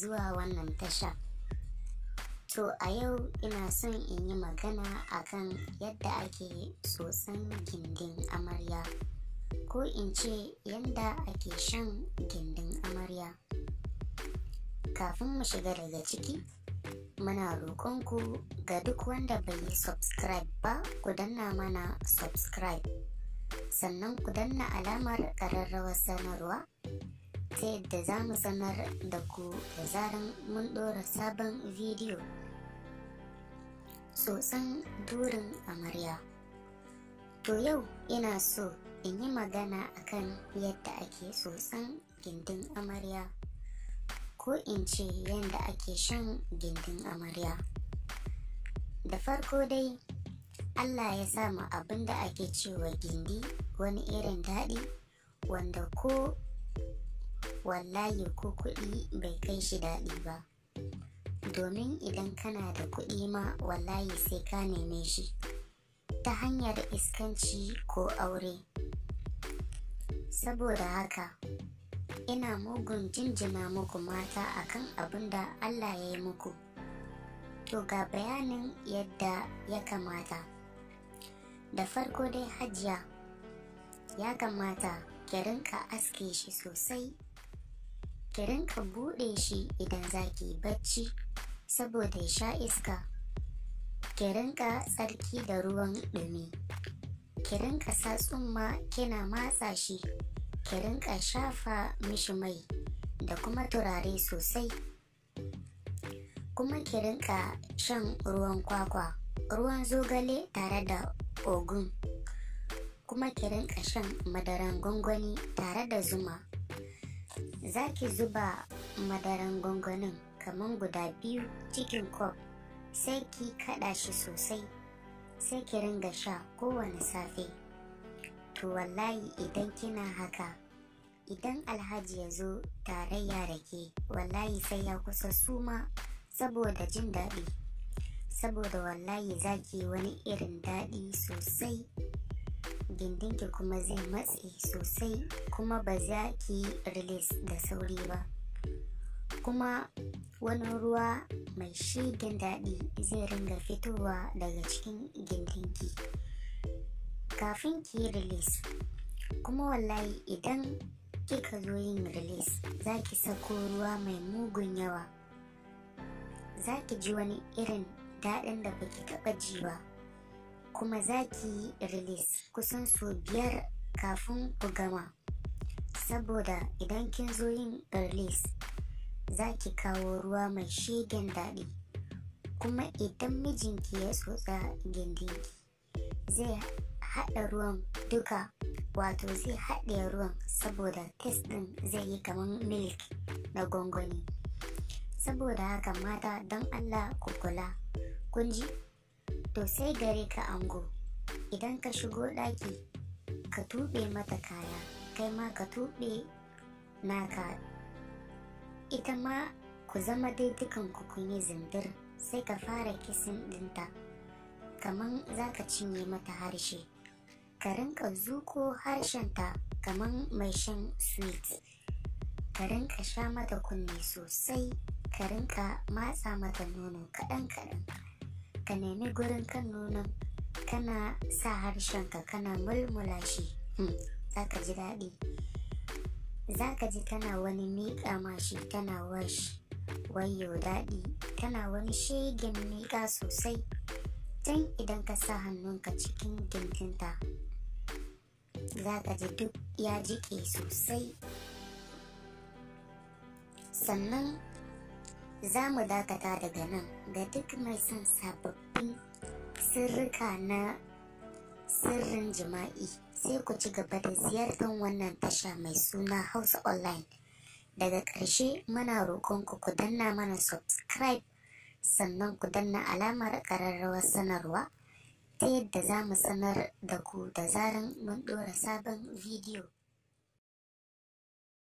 zuwa wannan tasha. To a yau ina son in yi magana akan yadda ake tsotson gindin amarya, ko in ce yadda ake shan gindin amarya. Kafin mu shiga daga ciki, muna roƙonku ga duk wanda bai yi subscribe ba ku danna mana subscribe, sannan ku danna alamar ƙararrawar sanarwa ta yadda za mu sanar da ku da zaran mun ɗora sabon bidiyo tsotsan durin amarya to yau ina so in yi magana akan yadda ake tsotsan gindin amarya ko in ce yadda ake shan gindin amarya da farko dai allah ya samu abinda da ake cewa gindi wani irin daɗi wanda ko wallahi ko kuɗi bai kai shi daɗi ba domin idan kana da kuɗi ma wallahi sai ka neme shi ta hanyar iskanci ko aure saboda haka ina mugun jinjina muku mata akan abin da allah ya yi muku to ga bayanin yadda ya kamata da farko dai hajiya ya kamata ki rinka aske shi sosai ki rinka buɗe shi idan za ki bacci saboda ya sha iska ki rinka tsarki da ruwan ɗumi ki rinka sa tsumma kina matsa shi ki rinka shafa mishi mai da kuma turare sosai kuma ki rinka shan ruwan kwakwa ruwan zogale tare da ogun kuma ki rinka shan madaran gwangwani tare da zuma za ki zuba madaran gwangwanin kamar guda biyu cikin kwaf sai ki kada shi sosai sai ki ringa sha kowane safe to wallahi idan kina haka idan alhaji ya zo tarayya da ke wallahi sai ya kusa suma saboda jin daɗi saboda wallahi za ki wani irin daɗi sosai gindinki kuma zai matse sosai kuma ba za ki release da sauri ba kuma wani ruwa mai shigin daɗi zai ringa fitowa daga cikin gindinki kafin ki yi release kuma wallahi idan kika zo yin release za ki sako ruwa mai mugun yawa za ki ji wani irin daɗin da baki taɓa ji ba kuma za ki yi release kusan su biyar kafin ku gama saboda idan kin zo yin release za ki kawo ruwa mai shegen daɗi kuma idan mijinki ya tsotsa gindinki zai haɗa ruwan duka wato zai haɗe ruwan saboda test ɗin zai yi kamar milk na gwangwani saboda haka mata don allah ku kula kun ji to sai gare ka ango idan ka shigo ɗaki ka tuɓe mata kaya kai ma ka tuɓe naka ita ma ku zama dai dukan kun yi zindir sai ka fara kisin ɗinta kaman za ka cinye mata harshe ka rinka zuko ta kaman mai shan sweet ka rinka sha mata kunne sosai ka rinka matsa mata nono kaɗan-kaɗan ka nemi gurin kan nonon kana sa harshenka kana mulmula shi hmm, za ka ji daɗi za ka ji kana wani miƙa mashi kana wash wayo daɗi kana wani shegin miƙa sosai can idan ka sa hannunka cikin gindinta za ka ji duk ya jiƙe sosai sannan za mu dakata daga nan ga duk mai son sababbin sirrika na sirrin jima'i sai ku ci gaba da ziyartar wannan tasha mai suna hausa online daga ƙarshe muna roƙonku ku danna mana subscribe sannan ku danna alamar ƙararrawar sanarwa ta yadda za mu sanar da ku da zaran mun ɗora sabon bidiyo